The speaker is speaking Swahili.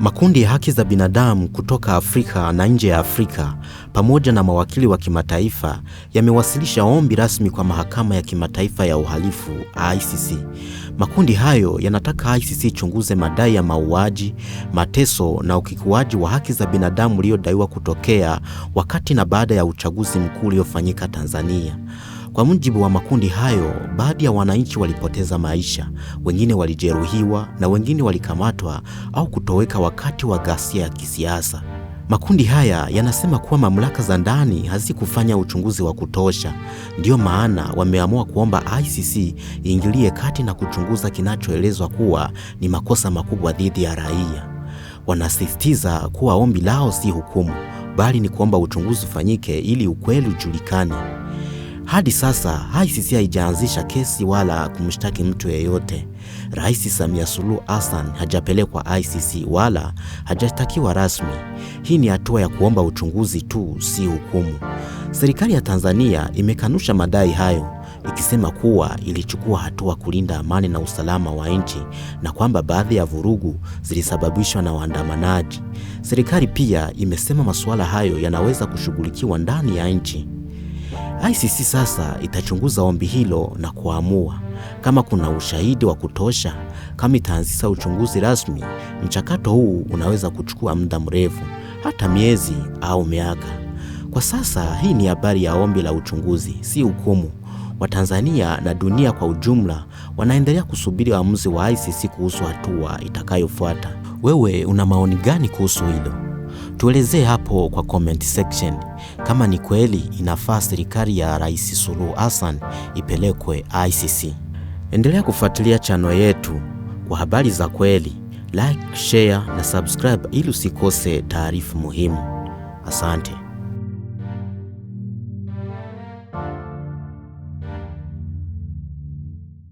Makundi ya haki za binadamu kutoka Afrika na nje ya Afrika pamoja na mawakili wa kimataifa yamewasilisha ombi rasmi kwa Mahakama ya Kimataifa ya Uhalifu ICC. Makundi hayo yanataka ICC ichunguze madai ya mauaji, mateso na ukikuaji wa haki za binadamu uliodaiwa kutokea wakati na baada ya uchaguzi mkuu uliofanyika Tanzania. Kwa mujibu wa makundi hayo, baadhi ya wananchi walipoteza maisha, wengine walijeruhiwa na wengine walikamatwa au kutoweka wakati wa ghasia ya kisiasa. Makundi haya yanasema kuwa mamlaka za ndani hazikufanya uchunguzi wa kutosha, ndiyo maana wameamua kuomba ICC iingilie kati na kuchunguza kinachoelezwa kuwa ni makosa makubwa dhidi ya raia. Wanasisitiza kuwa ombi lao si hukumu, bali ni kuomba uchunguzi ufanyike ili ukweli ujulikane. Hadi sasa ICC haijaanzisha kesi wala kumshtaki mtu yeyote. Rais Samia Suluhu Hassan hajapelekwa ICC wala hajashtakiwa rasmi. Hii ni hatua ya kuomba uchunguzi tu, si hukumu. Serikali ya Tanzania imekanusha madai hayo ikisema kuwa ilichukua hatua kulinda amani na usalama wa nchi na kwamba baadhi ya vurugu zilisababishwa na waandamanaji. Serikali pia imesema masuala hayo yanaweza kushughulikiwa ndani ya nchi. ICC sasa itachunguza ombi hilo na kuamua kama kuna ushahidi wa kutosha. Kama itaanzisha uchunguzi rasmi, mchakato huu unaweza kuchukua muda mrefu, hata miezi au miaka. Kwa sasa, hii ni habari ya ombi la uchunguzi, si hukumu. Watanzania na dunia kwa ujumla wanaendelea kusubiri uamuzi wa ICC kuhusu hatua itakayofuata. Wewe una maoni gani kuhusu hilo? Tuelezee hapo kwa comment section kama ni kweli inafaa serikali ya Rais Suluhu Hassan ipelekwe ICC. Endelea kufuatilia chano yetu kwa habari za kweli, like, share na subscribe ili usikose taarifa muhimu. Asante.